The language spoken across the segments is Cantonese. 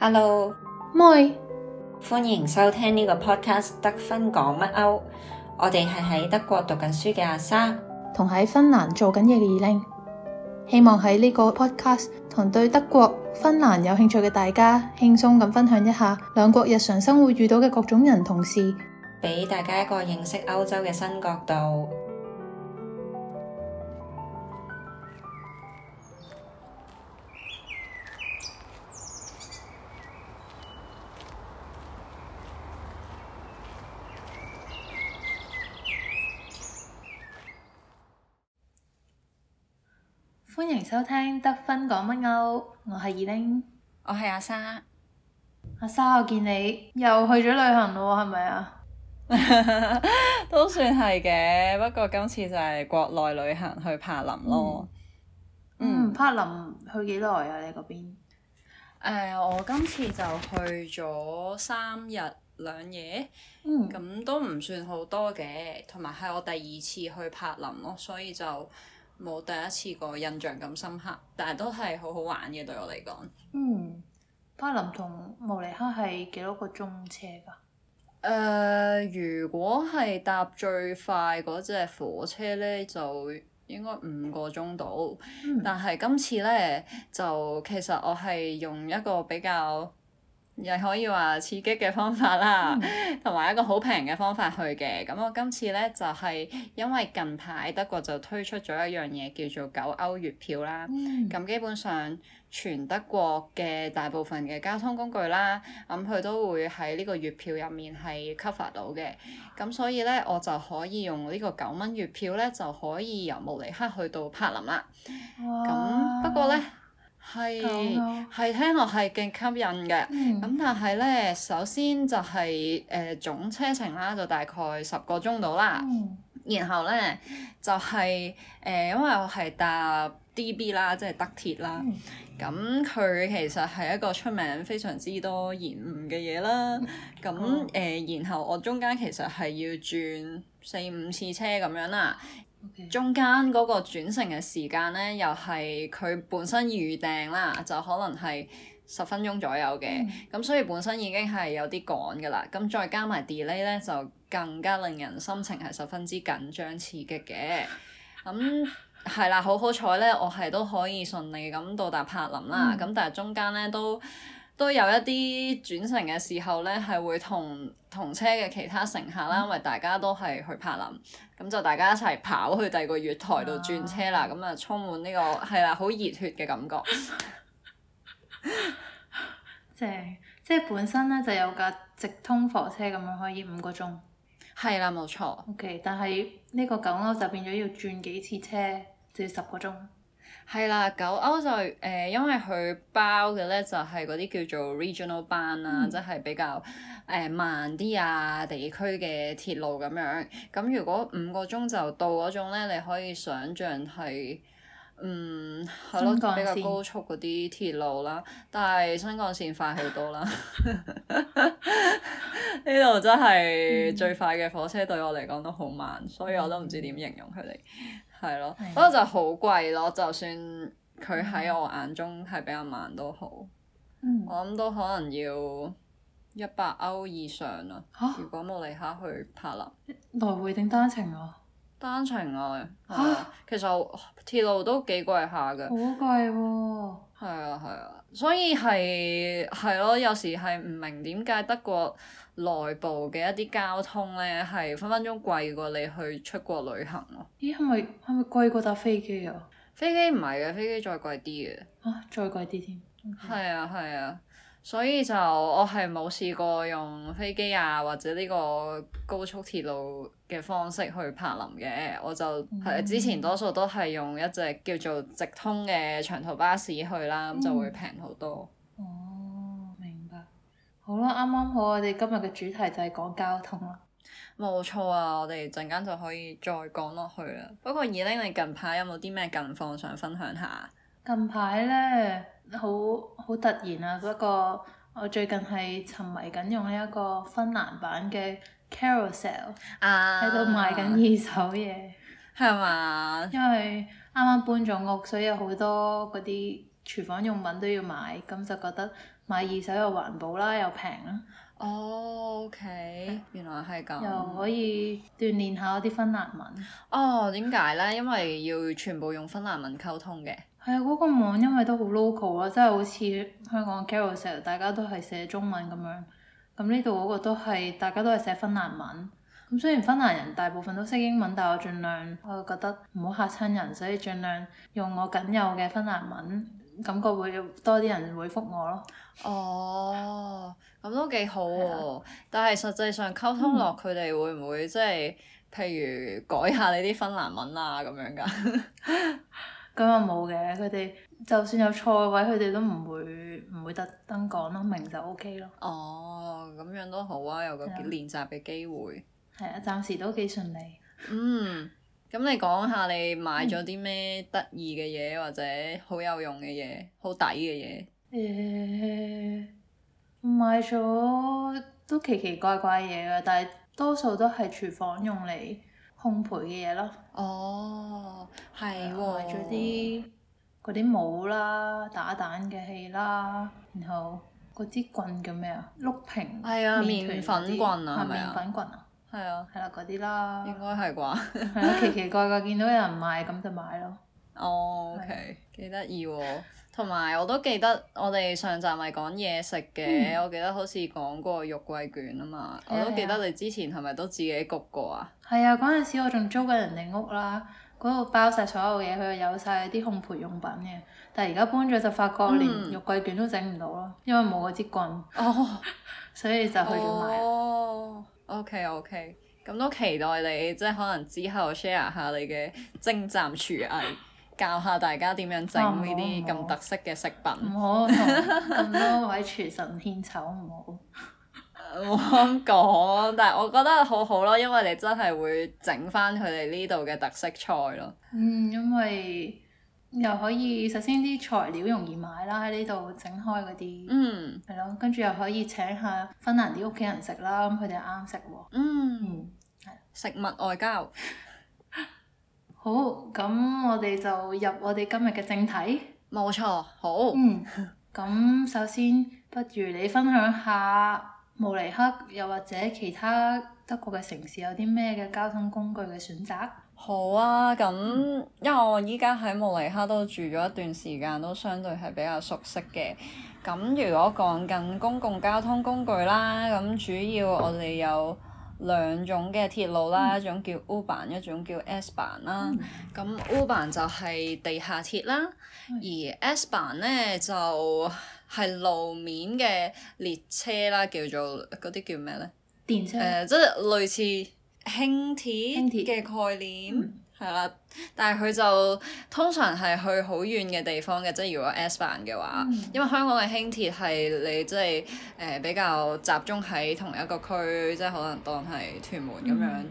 Hello，Moi，Moi. 歡迎收聽呢個 podcast，德芬講乜歐？我哋係喺德國讀緊書嘅阿沙，同喺芬蘭做緊嘢嘅二拎，希望喺呢個 podcast 同對德國、芬蘭有興趣嘅大家，輕鬆咁分享一下兩國日常生活遇到嘅各種人同事，俾大家一個認識歐洲嘅新角度。收聽得分講乜歐，我係二玲，我係阿沙。阿沙，我見你又去咗旅行咯，係咪啊？ 都算係嘅，不過今次就係國內旅行，去柏林咯。嗯，嗯，柏林去幾耐啊？你嗰邊？誒、呃，我今次就去咗三日兩夜。嗯。咁都唔算好多嘅，同埋係我第二次去柏林咯，所以就。冇第一次個印象咁深刻，但係都係好好玩嘅，對我嚟講。嗯，柏林同慕尼克係幾多個鐘車㗎？誒、呃，如果係搭最快嗰隻火車呢，就應該五個鐘到。嗯、但係今次呢，就其實我係用一個比較。又可以話刺激嘅方法啦，同埋、嗯、一個好平嘅方法去嘅。咁我今次呢，就係、是、因為近排德國就推出咗一樣嘢叫做九歐月票啦。咁、嗯、基本上全德國嘅大部分嘅交通工具啦，咁佢都會喺呢個月票入面係 cover 到嘅。咁所以呢，我就可以用呢個九蚊月票呢，就可以由慕尼黑去到柏林啦。咁哇不過呢。係係聽落係勁吸引嘅，咁、嗯、但係咧，首先就係、是、誒、呃、總車程啦，就大概十個鐘到啦。嗯、然後咧就係、是、誒、呃，因為我係搭 DB 啦，即係德鐵啦。咁佢、嗯、其實係一個出名非常之多延誤嘅嘢啦。咁誒、嗯呃，然後我中間其實係要轉四五次車咁樣啦。中間嗰個轉乘嘅時間呢，又係佢本身預訂啦，就可能係十分鐘左右嘅，咁、嗯、所以本身已經係有啲趕㗎啦，咁再加埋 delay 呢，就更加令人心情係十分之緊張刺激嘅，咁、嗯、係啦，好好彩呢，我係都可以順利咁到達柏林啦，咁、嗯、但係中間呢都，都有一啲轉乘嘅時候呢，係會同同車嘅其他乘客啦，因為大家都係去柏林，咁就大家一齊跑去第二個月台度轉車啦，咁啊就充滿呢、這個係啦，好熱血嘅感覺。即係本身呢就有架直通火車咁樣可以五個鐘，係啦冇錯。OK，但係呢個九歐就變咗要轉幾次車，就要十個鐘。係啦，九歐就誒、呃，因為佢包嘅咧就係嗰啲叫做 regional 班啦，嗯，即係比較誒、呃、慢啲啊地區嘅鐵路咁樣。咁如果五個鐘就到嗰種咧，你可以想像係。嗯，係咯，比較高速嗰啲鐵路啦，但係新幹線快好多啦。呢 度真係最快嘅火車對我嚟講都好慢，嗯、所以我都唔知點形容佢哋。係咯，不過就好貴咯，就算佢喺我眼中係比較慢都好。嗯、我諗都可能要一百歐以上啦，啊、如果冇理卡去柏林、啊，來回定單程啊？單程啊，嚇、啊，其實鐵路都幾貴下㗎。好貴喎、啊！係啊係啊，所以係係咯，有時係唔明點解德國內部嘅一啲交通咧係分分鐘貴過你去出國旅行咯。咦？係咪係咪貴過搭飛機啊？飛機唔係嘅，飛機再貴啲嘅。嚇、啊！再貴啲添。係啊係啊。所以就我係冇試過用飛機啊，或者呢個高速鐵路嘅方式去柏林嘅，我就係、嗯、之前多數都係用一隻叫做直通嘅長途巴士去啦，咁、嗯、就會平好多。哦，明白。好啦，啱啱好，我哋今日嘅主題就係講交通啦。冇錯啊，我哋陣間就可以再講落去啦。不過、e，二拎你近排有冇啲咩近況想分享下？近排咧，好好突然啊！不過我最近係沉迷緊用呢一個芬蘭版嘅 Carousell，喺度、啊、買緊二手嘢，係嘛嗎？因為啱啱搬咗屋，所以有好多嗰啲廚房用品都要買，咁就覺得買二手又環保啦，又平啦。哦，OK，Yeah. 原來係咁。又可以鍛鍊下我啲芬蘭文。哦，點解呢？因為要全部用芬蘭文溝通嘅。係嗰、嗰個網，因為都 local, 好 local 啊，即係好似香港 Carousell 成日大家都係寫中文咁樣。咁呢度嗰個都係大家都係寫芬蘭文。咁雖然芬蘭人大部分都識英文，但我盡量，我覺得唔好嚇親人，所以盡量用我僅有嘅芬蘭文，感覺會多啲人回覆我咯。哦，咁都幾好喎，啊！的但係實際上溝通落，佢哋、嗯、會唔會即係譬如改下你啲芬蘭文啊咁樣㗎？ 咁又冇嘅，佢哋就，就算有錯位，佢哋都唔會唔會特登講得明就 OK 咯。哦，咁樣都好啊，有個練習嘅機會。係啊，暫時都幾順利。嗯，咁你講下你買咗啲咩得意嘅嘢，嗯、或者好有用嘅嘢，好抵嘅嘢。誒，買咗都奇奇怪怪嘢㗎，但係多數都係廚房用嚟。烘焙嘅嘢咯，哦，係喎、哦，買咗啲嗰啲帽啦，打蛋嘅器啦，然後嗰支棍叫咩啊？碌平，係啊、哎呀，麪粉棍啊，係咪啊？係麼啊，係、哎呀啊、啦，嗰啲啦，應該係啩？奇奇怪怪，見到有人買咁就買咯。O K，幾得意喎！同埋我都記得，我哋上集咪講嘢食嘅，嗯、我記得好似講過肉桂卷啊嘛，啊我都記得你之前係咪都自己焗過啊？係啊，嗰陣時我仲租緊人哋屋啦，嗰度包晒所有嘢，佢又有晒啲烘焙用品嘅。但係而家搬咗就發覺連肉桂卷都整唔到咯，嗯、因為冇嗰支棍。哦， 所以就去咗買了。哦，OK OK，咁都期待你即係可能之後 share 下你嘅精湛廚藝。 教下大家點樣整呢啲咁特色嘅食品，唔、啊、好，咁多位廚神獻醜，唔好。唔好講，但係我覺得好好咯，因為你真係會整翻佢哋呢度嘅特色菜咯。嗯，因為又可以首先啲材料容易買啦，喺呢度整開嗰啲，嗯，係咯，跟住又可以請下芬蘭啲屋企人食啦，咁佢哋啱食喎。嗯，嗯係咯，食物外交。好，咁我哋就入我哋今日嘅正題。冇錯，好。嗯，咁首先，不如你分享下慕尼黑又或者其他德國嘅城市有啲咩嘅交通工具嘅選擇？好啊，咁因為我依家喺慕尼黑都住咗一段時間，都相對係比較熟悉嘅。咁如果講緊公共交通工具啦，咁主要我哋有，兩種嘅鐵路啦，嗯、一種叫 U-Bahn 一種叫 S-Bahn 啦。咁、嗯、U-Bahn 就係地下鐵啦， 嗯、 而 S-Bahn 咧就係、是、路面嘅列車啦，叫做嗰啲叫咩咧？電車誒，即係、呃就是、類似輕鐵嘅概念。鐵係啦，但係佢就通常係去好遠嘅地方嘅，即係如果 S 班嘅話，嗯、因為香港嘅輕鐵係你即係誒比較集中喺同一個區，即、就、係、是、可能當係屯門咁樣、嗯、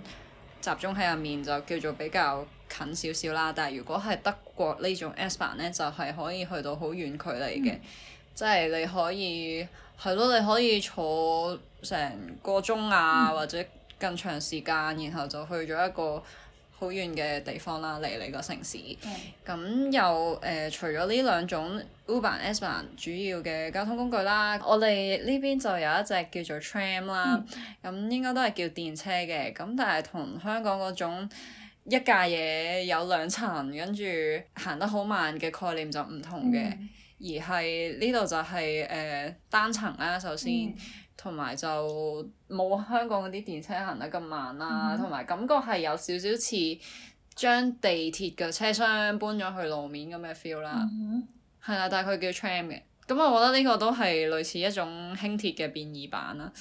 集中喺入面，就叫做比較近少少啦。但係如果係德國呢種 S 班呢，就係、是、可以去到好遠距離嘅，即係、嗯、你可以係咯，你可以坐成個鐘啊，嗯、或者更長時間，然後就去咗一個好遠嘅地方啦，嚟你個城市。咁 Okay. 又誒、呃，除咗呢兩種 U-Bahn、S-Bahn 主要嘅交通工具啦，我哋呢邊就有一隻叫做 tram 啦。咁、mm. 應該都係叫電車嘅，咁但係同香港嗰種一架嘢有兩層，跟住行得好慢嘅概念就唔同嘅，mm. 而係呢度就係、是、誒、呃、單層啦。首先。Mm. 同埋就冇香港嗰啲電車行得咁慢啦、啊，同埋、mm hmm. 感覺係有少少似將地鐵嘅車廂搬咗去路面咁嘅 feel 啦，係啦、mm hmm. 但係佢叫 tram 嘅，咁我覺得呢個都係類似一種輕鐵嘅變異版啦、啊。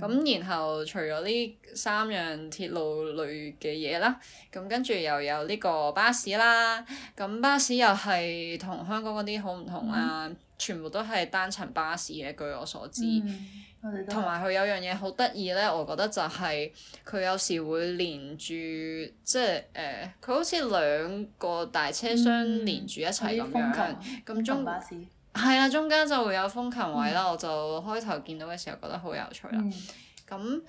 咁、mm hmm. 然後除咗呢三樣鐵路類嘅嘢啦，咁跟住又有呢個巴士啦，咁巴士又係同香港嗰啲好唔同啊，mm hmm. 全部都係單層巴士嘅，據我所知。Mm hmm. 同埋佢有樣嘢好得意咧，我覺得就係佢有時會連住，即係誒，佢、呃、好似兩個大車廂連住一齊咁、嗯嗯、樣。咁琴中係啊，中間就會有風琴位啦。嗯、我就開頭見到嘅時候覺得好有趣啦。咁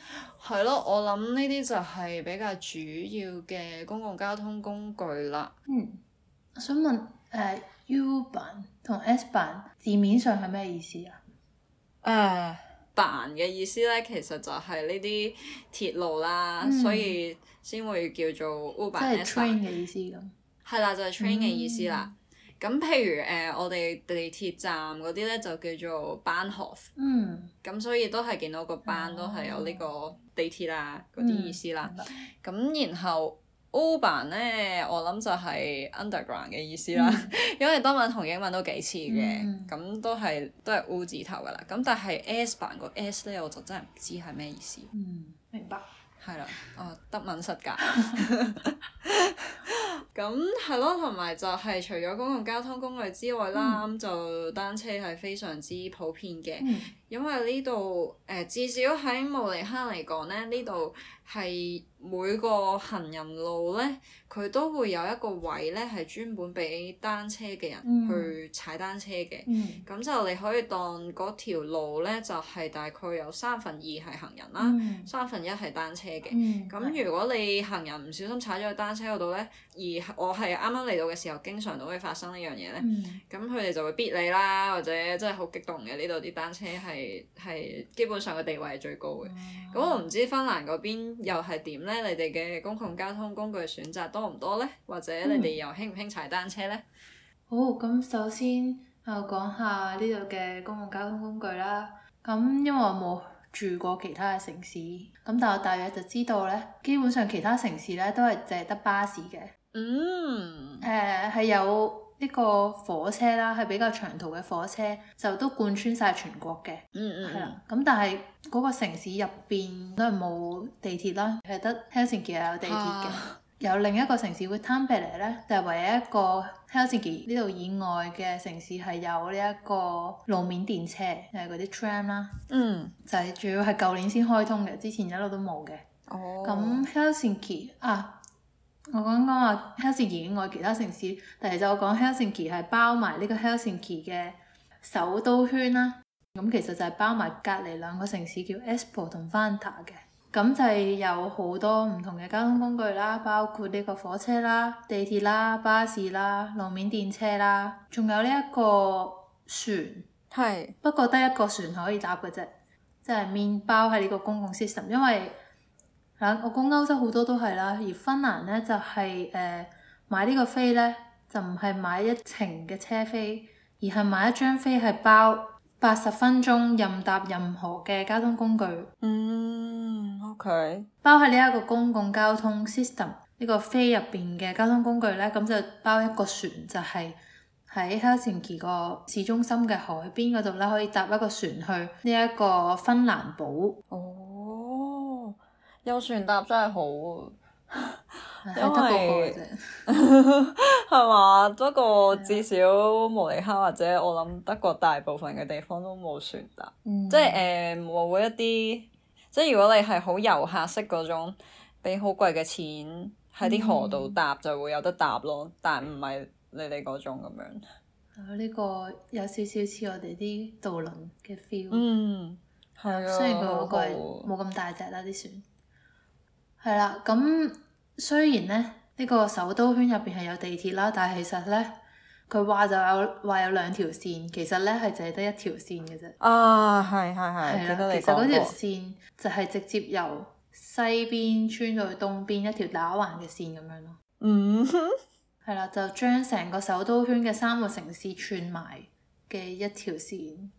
係咯，我諗呢啲就係比較主要嘅公共交通工具啦。嗯，想問誒、呃、U-Bahn 同 S-Bahn 字面上係咩意思啊？誒、呃。班嘅意思咧，其實就係呢啲鐵路啦，嗯、所以先會叫做 U-Bahn。即係 train 嘅意思咯。係啦，就係、是、train 嘅意思啦。咁、嗯、譬如誒、呃，我哋地鐵站嗰啲咧，就叫做 Bahnhof。嗯。咁所以都係見到個班、哦，都係有呢個地鐵啦嗰啲意思啦。咁、嗯嗯、然後。U 版咧，我諗就係 underground 嘅意思啦，嗯、因為德文同英文都幾似嘅，咁、嗯、都係都係 U 字頭噶啦，咁但係 S 版個 S 咧，我就真係唔知係咩意思。嗯，明白。係啦，啊、哦、德文實格。咁係咯，同埋就係除咗公共交通工具之外啦，咁、嗯、就單車係非常之普遍嘅。嗯。因為呢度誒，至少喺慕尼克嚟講咧，呢度係每個行人路咧，佢都會有一個位咧，係專門俾單車嘅人去踩單車嘅。咁、嗯、就你可以當嗰條路咧，就係、是、大概有三分二係行人啦，三、嗯、分一係單車嘅。咁、嗯、如果你行人唔小心踩咗去單車嗰度咧，而我係啱啱嚟到嘅時候，經常都會發生呢樣嘢咧。咁佢哋就會逼你啦，或者真係好激動嘅。呢度啲單車係～係基本上嘅地位係最高嘅，咁、嗯、我唔知芬蘭嗰邊又係點呢？你哋嘅公共交通工具選擇多唔多呢？或者你哋又興唔興踩單車呢？嗯、好，咁首先我講下呢度嘅公共交通工具啦。咁因為我冇住過其他嘅城市，咁但我大約就知道呢，基本上其他城市呢都係淨係得巴士嘅。嗯，誒係、uh, 有。呢個火車啦，係比較長途嘅火車，就都貫穿晒全國嘅。嗯嗯、mm，係、hmm. 啦。咁但係嗰個城市入邊都冇地鐵啦，係得 Helsinki 有地鐵嘅。有，有，鐵 ah. 有另一個城市會攤平嚟咧，就係、是、唯一一個 Helsinki 呢度以外嘅城市係有呢一個路面電車，誒嗰啲 tram 啦。嗯、hmm，就係主要係舊年先開通嘅，之前一路都冇嘅。哦，咁 Helsinki 啊。我講講話 Helsinki 外其他城市，但係就講 Helsinki 係包埋呢個 Helsinki 嘅首都圈啦。咁其實就係包埋隔離兩個城市叫 Espoo 同 Vantaa 嘅。咁就係有好多唔同嘅交通工具啦，包括呢個火車啦、地鐵啦、巴士啦、路面電車啦，仲有呢一個船，係是不過得一個船可以搭嘅啫。即、就、係、是、麵包係呢個公共 system，因為。我講歐洲好多都係啦，而芬蘭呢就係、係、誒、呃、買呢個飛呢，就唔係買一程嘅車飛，而係買一張飛係包八十分鐘任搭任何嘅交通工具。嗯，OK。包喺呢一個公共交通 system 呢、呢個飛入邊嘅交通工具呢，咁就包一個船，就係喺赫爾辛基個市中心嘅海邊嗰度啦，可以搭一個船去呢一個芬蘭堡。哦。有船搭真係好啊，因為係嘛？不過至少慕尼黑或者我諗德國大部分嘅地方都冇船搭，嗯、即係誒冇一啲。即係如果你係好遊客式嗰種，俾好貴嘅錢喺啲河度搭就會有得搭咯。嗯、但唔係你哋嗰種咁樣。呢、啊呢個有少少似我哋啲渡輪嘅 feel。嗯，係啊，雖然佢好貴，冇咁大隻啦啲船。係啦，咁雖然呢，呢、呢個首都圈入邊係有地鐵啦，但係其實呢，佢話就有話有兩條線，其實呢係淨係得一條線嘅啫。啊，係係係，了其實嗰條線就係直接由西邊穿到去東邊一條打橫嘅線咁樣咯。嗯哼，係啦，就將成個首都圈嘅三個城市串埋嘅一條線。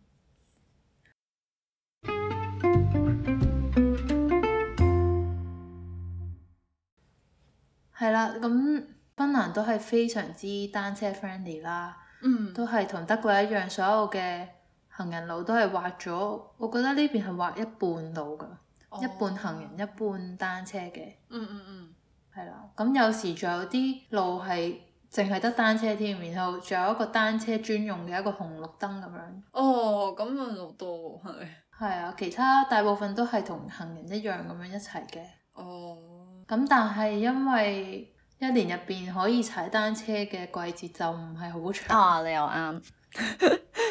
係啦，咁芬蘭都係非常之單車 friendly 啦，嗯、都係同德國一樣，所有嘅行人路都係劃咗，我覺得呢邊係劃一半路噶，哦、一半行人一半單車嘅，嗯。嗯嗯嗯。係啦，咁有時仲有啲路係淨係得單車添，然後仲有一個單車專用嘅一個紅綠燈咁樣。哦，咁樣好多喎，係。係啊，其他大部分都係同行人一樣咁樣一齊嘅。哦。咁但係因為一年入面可以踩單車嘅季節就唔係好長啊，你又啱，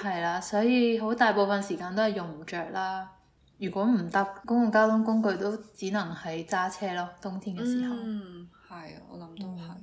係啦， 所以好大部分時間都係用唔着啦。如果唔搭公共交通工具都只能係揸車咯，冬天嘅時候。嗯，係啊，我諗都係，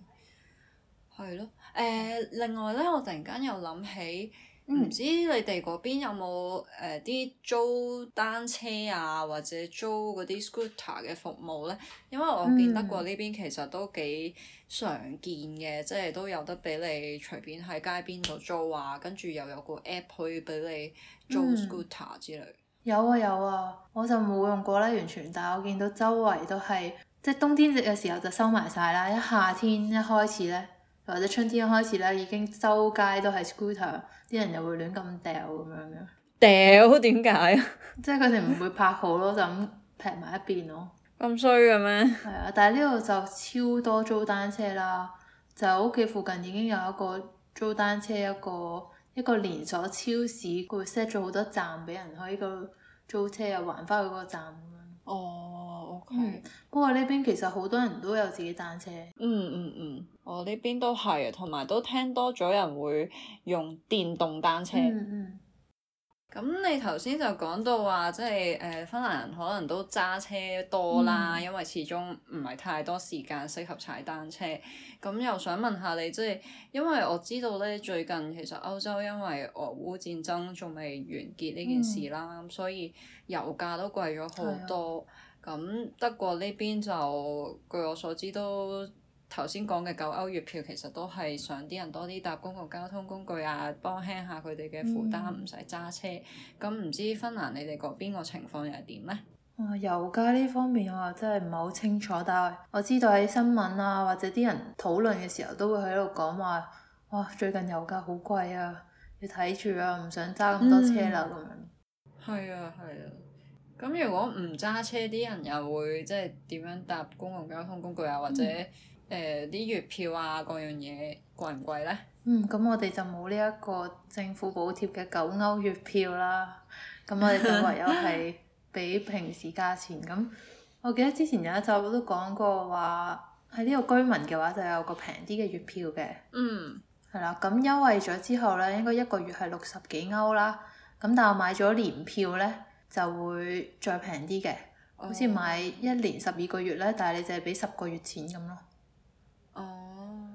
係咯、嗯。誒、呃，另外咧，我突然間又諗起。唔、嗯、知你哋嗰邊有冇誒啲租單車啊，或者租嗰啲 scooter 嘅服務呢？因為我見德國呢邊其實都幾常見嘅，嗯、即係都有得俾你隨便喺街邊度租啊，跟住又有個 app 可以俾你租 scooter 之類、嗯。有啊有啊，我就冇用過呢。完全，但係我見到周圍都係，即係冬天嘅時候就收埋晒啦，一夏天一開始呢。或者春天一開始咧，已經周街都係 scooter，啲人又會亂咁掉咁樣嘅。掉點解啊？即係佢哋唔會拍好咯， 就咁劈埋一邊咯。咁衰嘅咩？係啊，但係呢度就超多租單車啦。就屋、係、企附近已經有一個租單車，一個一個連鎖超市，佢會 set 咗好多站俾人去。呢、呢個租車又還翻去嗰個站。哦，OK，不過呢邊其實好多人都有自己單車，嗯嗯嗯，我呢邊都係，同埋都聽多咗人會用電動單車，嗯嗯。嗯。咁你頭先就講到話，即係誒、呃、芬蘭人可能都揸車多啦，嗯、因為始終唔係太多時間適合踩單車。咁又想問下你，即係因為我知道咧，最近其實歐洲因為俄烏戰爭仲未完結呢件事啦，咁、嗯、所以油價都貴咗好多。咁的德國呢邊就據我所知都。頭先講嘅九歐月票其實都係想啲人多啲搭公共交通工具啊，幫輕下佢哋嘅負擔，唔使揸車。咁唔知芬蘭你哋嗰邊個情況又係點呢？啊，油價呢方面我真係唔係好清楚，但係我知道喺新聞啊或者啲人討論嘅時候都會喺度講話，哇！最近油價好貴啊，要睇住啊，唔想揸咁多車啦咁、嗯、樣。係啊係啊，咁、啊、如果唔揸車，啲人又會即係點樣搭公共交通工具啊，或者、嗯？誒啲、呃、月票啊，嗰樣嘢貴唔貴呢？嗯，咁我哋就冇呢一個政府補貼嘅九歐月票啦。咁我哋就唯有係俾平時價錢。咁 我記得之前有一集我都講過話，喺呢個居民嘅話就有個平啲嘅月票嘅。嗯。係啦，咁優惠咗之後呢，應該一個月係六十幾歐啦。咁但係我買咗年票呢，就會再平啲嘅，哦、好似買一年十二個月呢，但係你就係俾十個月錢咁咯。哦，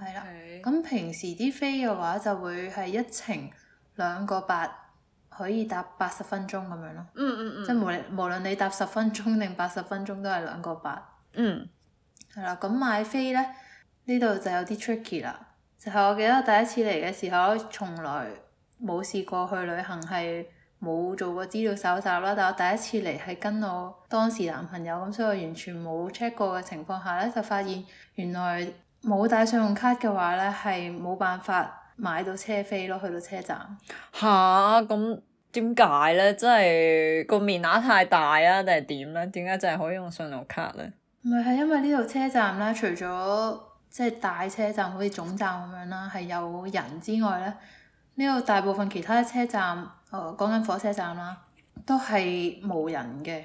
係啦、oh, okay. 嗯，咁平時啲飛嘅話就會係一程兩個八，可以搭八十分鐘咁樣咯。 即係無論無論你搭十分鐘定八十分鐘都係兩個八、嗯嗯。嗯，係、嗯、啦，咁、嗯、買飛呢，呢度就有啲 tricky 啦，就係、是、我記得第一次嚟嘅時候，從來冇試過去旅行係。冇做過資料搜集啦，但我第一次嚟係跟我當時男朋友咁，所以我完全冇 check 過嘅情況下呢，就發現原來冇帶信用卡嘅話呢係冇辦法買到車費車飛咯，去到車站。吓，咁點解呢？真係個面額太大啊，定係點呢？點解就係可以用信用卡呢？唔係，係因為呢度車站呢，除咗即係大車站，好似總站咁樣啦，係有人之外呢。呢度大部分其他車站，誒講緊火車站啦，都係冇人嘅，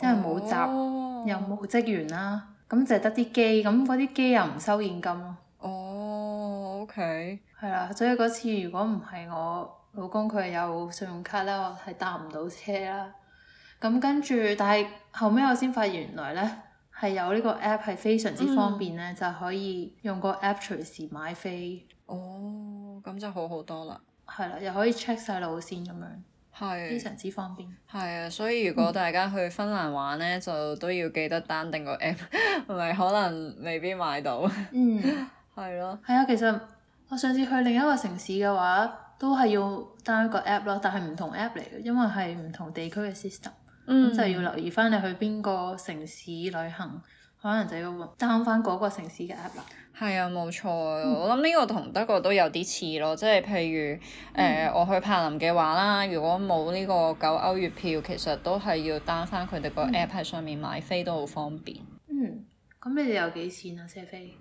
因為冇閘、哦、又冇職員啦，咁就係得啲機，咁嗰啲機又唔收現金咯。哦，OK，係啦，所以嗰次如果唔係我老公佢有信用卡咧，我係搭唔到車啦。咁跟住，但係後尾我先發現原來咧係有呢個 app 係非常之方便咧，嗯、就可以用個 app 隨時買飛。哦，咁就好好多啦～係啦，又可以 check 晒路線咁樣，係，非常之方便。係啊，所以如果大家去芬蘭玩呢， 就都要記得 down 定個 app，唔 係可能未必買到。 嗯，係咯的。係啊，其實我上次去另一個城市嘅話，都係要 down 一 w 個 app 咯，但係唔同 app 嚟嘅，因為係唔同地區嘅 system，咁、嗯、就要留意翻你去邊個城市旅行，可能就要 down 翻嗰個城市嘅 app 啦。係啊，冇錯啊！我諗呢個同德國都有啲似咯，即係譬如誒、呃嗯、我去柏林嘅話啦，如果冇呢個九歐月票，其實都係要 down 翻佢哋個 app 喺上面買飛、嗯、都好方便。嗯，咁你哋有幾錢啊？車飛？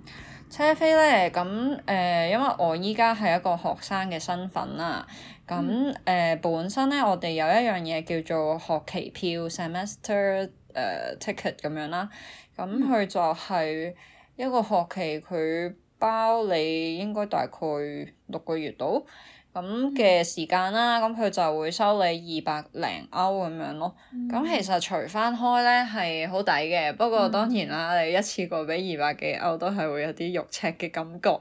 車飛咧，咁誒、呃，因為我依家係一個學生嘅身份啦，咁誒、嗯呃、本身咧，我哋有一樣嘢叫做學期票 （semester 誒、uh, ticket） 咁樣啦，咁佢就係、是。嗯嗯一個學期佢包你應該大概六個月到咁嘅時間啦，咁佢就會收你二百零歐咁樣咯。咁、嗯、其實除翻開咧係好抵嘅，不過當然啦，你一次過俾二百幾歐都係會有啲肉赤嘅感覺。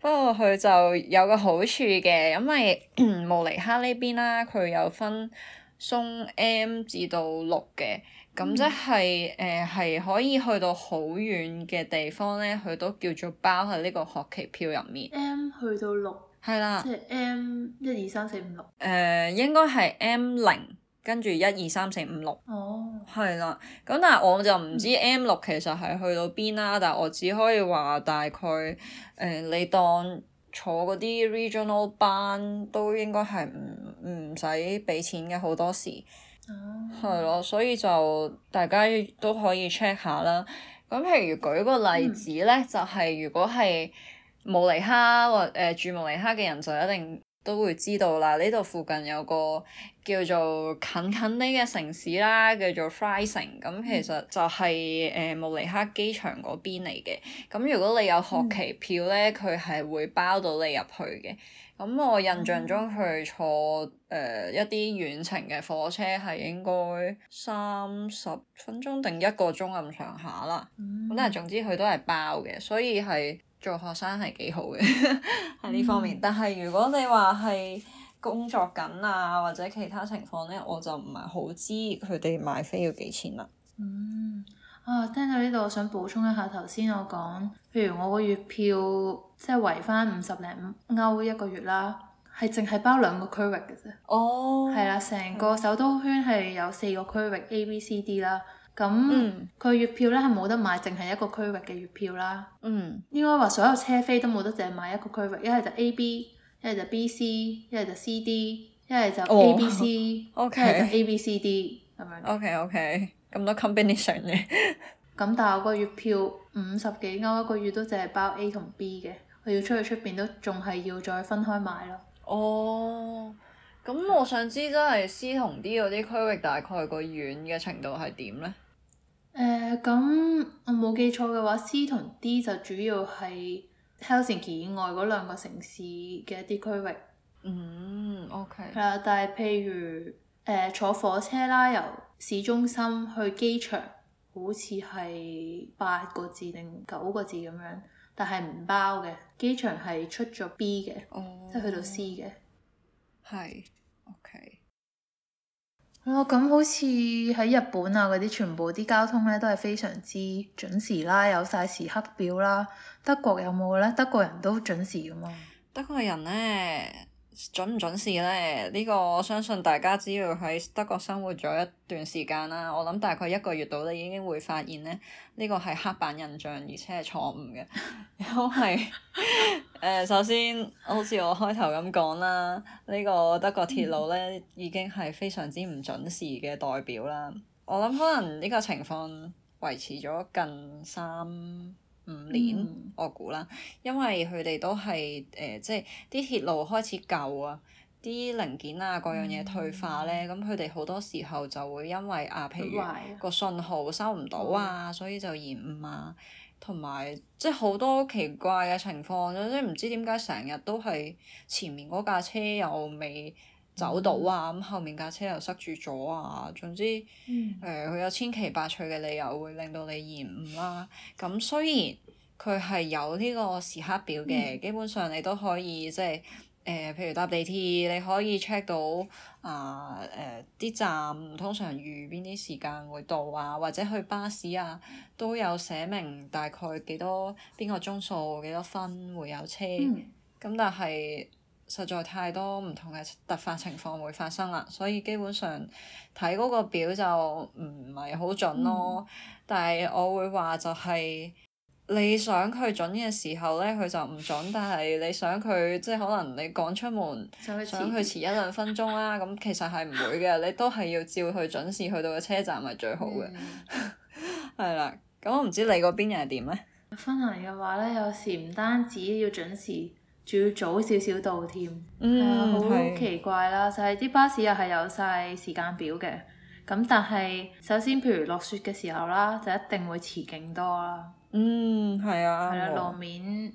不過佢就有個好處嘅，因為慕 尼黑呢邊啦，佢有分松 M 至到六嘅。咁即係誒，係、呃、可以去到好遠嘅地方咧，佢都叫做包喺呢個學期票入面。M 去到六係啦，即係 M 一二三四五六。誒、呃，應該係 M 零，跟住一二三四五六。哦，係啦。咁但係我就唔知 M 六其實係去到邊啦、啊，但我只可以話大概誒、呃，你當坐嗰啲 regional 班都應該係唔唔使俾錢嘅好多時。係咯，所以就大家都可以 check 下啦。咁譬如舉個例子咧，嗯、就係如果係慕尼黑或誒、呃、住慕尼黑嘅人，就一定都會知道啦。呢度附近有個叫做近近呢嘅城市啦，叫做 Freising。咁其實就係誒慕尼黑機場嗰邊嚟嘅。咁如果你有學期票咧，佢係、嗯、會包到你入去嘅。咁我印象中佢坐誒、呃、一啲遠程嘅火車係應該三十分鐘定一個鐘咁上下啦。咁但係總之佢都係包嘅，所以係做學生係幾好嘅喺呢方面。但係如果你話係工作緊啊或者其他情況呢，我就唔係好知佢哋買飛要幾錢啦。嗯啊，聽到呢度，我想補充一下頭先我講，譬如我個月票即係圍返五十零歐一個月啦，係淨係包兩個區域嘅啫。哦、oh.，係啦，成個首都圈係有四個區域 A、B、C、D 啦。咁佢月票呢，係冇得買，淨係一個區域嘅月票啦。嗯，mm. 應該話所有車飛都冇得，淨係買一個區域，一係就 A、B，一係就 B、C，一係就 C、D，一係就 A、oh. B、C，一係 Okay. 就 A B, C, D,、B、C、D 咁樣。OK，OK、okay, okay.。咁多 combination 咧，咁但係我個月票五十幾歐一個月都淨係包 A 同 B 嘅，我要出去出邊都仲係要再分開買咯。哦，咁我想知真係 C 同 D 嗰啲區域大概個遠嘅程度係點呢？誒、呃，咁我冇記錯嘅話，C 同 D 就主要係 Helsinki 以外嗰兩個城市嘅一啲區域。嗯，OK。係啊，但係譬如誒、呃、坐火車啦，又。市中心去機場好似係八個字定九個字咁樣，但係唔包嘅，機場係出咗 B 嘅，oh. 即係去到 C 嘅。係 Yes .，OK、嗯。哇，咁好似喺日本啊嗰啲，全部啲交通呢都係非常之準時啦，有晒時刻表啦。德國有冇呢？德國人都準時㗎嘛。德國人呢。準唔準時呢？呢個我相信大家只要喺德國生活咗一段時間啦，我諗大概一個月度都已經會發現咧，呢個係刻板印象而且係錯誤嘅，因為 首先好似我開頭咁講啦，呢個德國鐵路咧已經係非常之唔準時嘅代表啦，我諗可能呢個情況維持咗近三五年、嗯、我估啦，因為佢哋都係誒、呃，即係啲鐵路開始舊啊，啲零件啊各樣嘢退化咧，咁佢哋好多時候就會因為啊，譬如、啊、個信號收唔到啊，所以就延誤啊，同埋即係好多奇怪嘅情況，即係唔知點解成日都係前面嗰架車又未走到啊，咁後面架車又塞住咗啊，總之誒佢、嗯呃、有千奇百趣嘅理由會令到你延誤啦。咁雖然佢係有呢個時刻表嘅，嗯、基本上你都可以即係誒、呃，譬如搭地鐵，你可以 check 到啊誒啲站通常預邊啲時間會到啊，或者去巴士啊都有寫明大概幾多邊個鐘數幾多分會有車，咁、嗯嗯、但係。實在太多唔同嘅突發情況會發生啦，所以基本上睇嗰個表就唔係好準咯。嗯、但係我會話就係、是、你想佢準嘅時候呢，佢就唔準。但係你想佢即係可能你趕出門，就會想去遲一兩分鐘啦、啊，咁 其實係唔會嘅。你都係要照佢準時去到嘅車站係最好嘅。係 啦、嗯，咁我唔知你個邊人係點呢？芬蘭嘅話呢，有時唔單止要準時。仲要早少少到添，係好奇怪啦！就係、是、啲巴士又係有晒時間表嘅，咁但係首先，譬如落雪嘅時候啦，就一定會遲勁多啦。嗯，係啊，啱係啦，路面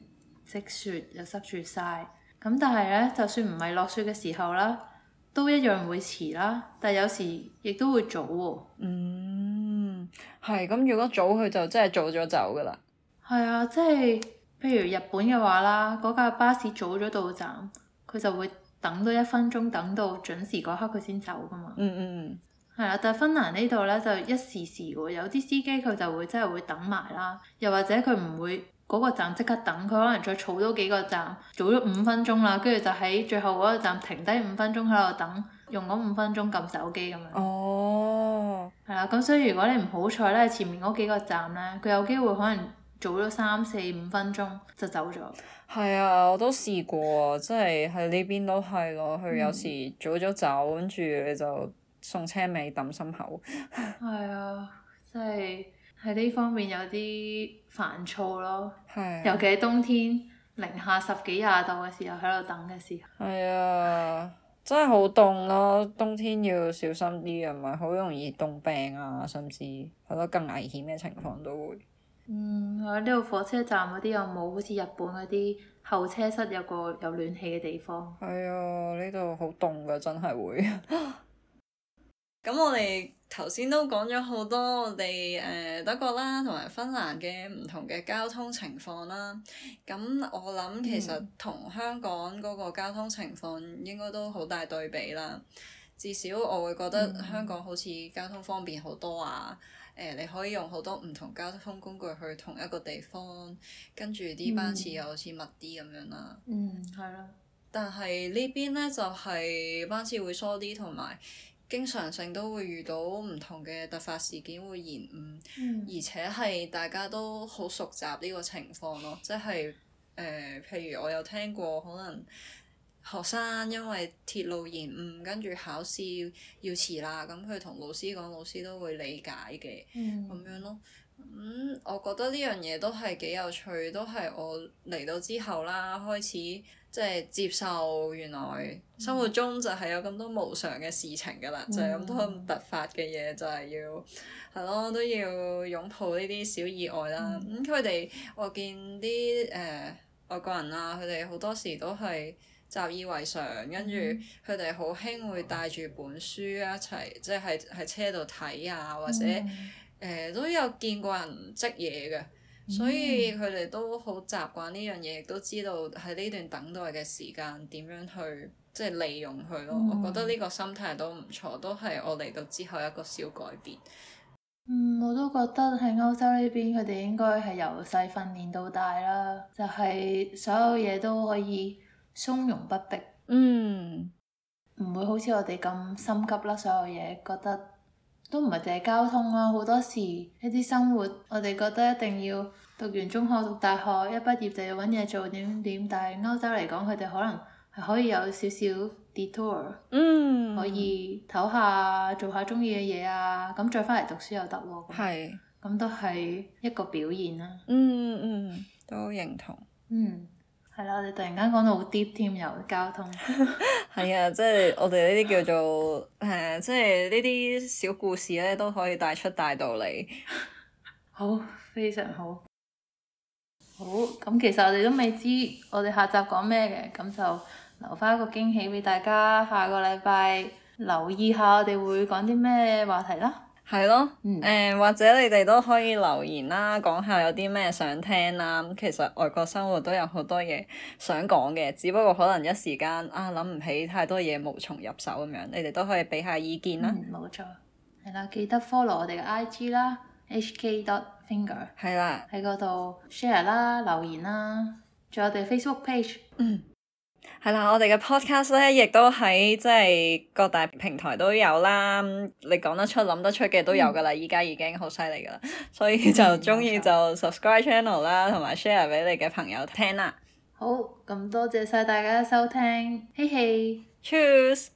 積雪又濕住晒。咁但係呢，就算唔係落雪嘅時候啦，都一樣會遲啦。但係有時亦都會早喎、哦。嗯，係、啊。咁如果早佢就真係早咗走㗎啦。係啊，即、就、係、是。嗯譬如日本嘅話啦，嗰、那、架、個、巴士早咗到站，佢就會等到一分鐘，等到準時嗰刻佢先走噶嘛。嗯嗯嗯，係啦，但係芬蘭呢度呢，就一時時喎，有啲司機佢就會真係會等埋啦，又或者佢唔會嗰個站即刻等，佢可能再儲多幾個站，早咗五分鐘啦，跟住、嗯、就喺最後嗰個站停低五分鐘喺度等，用嗰五分鐘撳手機咁樣。哦。係啦，咁所以如果你唔好彩呢，前面嗰幾個站呢，佢有機會可能。早咗三四五分鐘就走咗。係啊，我都試過啊，即係喺呢邊都係咯。佢有時早早走，跟住你就送車尾抌心口。係 啊，即係喺呢方面有啲煩躁咯。係、啊。尤其喺冬天零下十幾廿度嘅時候喺度等嘅時候。係啊，唉真係好凍咯！冬天要小心啲啊，咪？好容易凍病啊，甚至係咯，更危險嘅情況都會。嗯，我呢度火車站嗰啲有冇好似日本嗰啲候車室，有個有暖氣嘅地方？係啊、哎，呢度好凍㗎，真係會。咁 我哋頭先都講咗好多我哋誒、呃、德國啦，同埋芬蘭嘅唔同嘅交通情況啦。咁我諗其實同、嗯、香港嗰個交通情況應該都好大對比啦。至少我會覺得香港好似交通方便好多啊！誒、呃，你可以用好多唔同交通工具去同一個地方，跟住啲班次又好似密啲咁樣啦。嗯，係啦樣。嗯、但係呢邊呢，就係、是、班次會疏啲，同埋經常性都會遇到唔同嘅突發事件會延誤，嗯、而且係大家都好熟習呢個情況咯，即係誒、呃，譬如我有聽過，可能。學生因為鐵路延誤，跟、嗯、住考試要遲啦，咁佢同老師講，老師都會理解嘅咁、嗯、樣咯。咁、嗯、我覺得呢樣嘢都係幾有趣，都係我嚟到之後啦，開始即係、就是、接受原來生活中就係有咁多無常嘅事情㗎啦、嗯，就係咁多咁突發嘅嘢，就係要係咯，都要擁抱呢啲小意外啦。咁佢哋我見啲誒、呃、外國人啊，佢哋好多時都係，習以為常，跟住佢哋好興會帶住本書一齊，即係喺喺車度睇啊，或者誒、嗯呃、都有見過人織嘢嘅，嗯、所以佢哋都好習慣呢樣嘢，亦都知道喺呢段等待嘅時間點樣去即係、就是、利用佢咯。嗯、我覺得呢個心態都唔錯，都係我嚟到之後一個小改變。嗯，我都覺得喺歐洲呢邊，佢哋應該係由細訓練到大啦，就係、是、所有嘢都可以。從容不迫，嗯，唔會好似我哋咁心急啦。所有嘢覺得都唔係淨係交通啦，好多時一啲生活，我哋覺得一定要讀完中學讀大學，一畢業就要搵嘢做點點。但係歐洲嚟講，佢哋可能係可以有少少 detour，嗯，可以唞下做下中意嘅嘢啊，咁再翻嚟讀書又得喎。係，咁都係一個表現啦。嗯。嗯嗯，都認同。嗯。係啦，我哋突然間講到好 deep 添，又交通。係、嗯、 啊，即係我哋呢啲叫做，誒，即係呢啲小故事咧，都可以帶出大道理。好，非常好。好，咁其實我哋都未知，我哋下集講咩嘅，咁就留翻一個驚喜俾大家。下個禮拜留意下，我哋會講啲咩話題啦。係咯，誒、嗯、或者你哋都可以留言啦，講下有啲咩想聽啦。咁其實外國生活都有好多嘢想講嘅，只不過可能一時間啊諗唔起太多嘢，無從入手咁樣，你哋都可以俾下意見啦。冇、嗯、錯，係啦，記得 follow 我哋嘅 IG 啦，HK dot finger，係啦，喺嗰度 share 啦，留言啦，仲有我哋 Facebook page。嗯係啦，我哋嘅 podcast 咧，亦都喺即係各大平台都有啦。你講得出、諗得出嘅都有噶啦，依家、嗯、已經好犀利噶啦。所以就中意就 subscribe channel 啦，同埋 share 俾你嘅朋友聽啦。好，咁多謝晒大家收聽，嘿嘿，Cheers。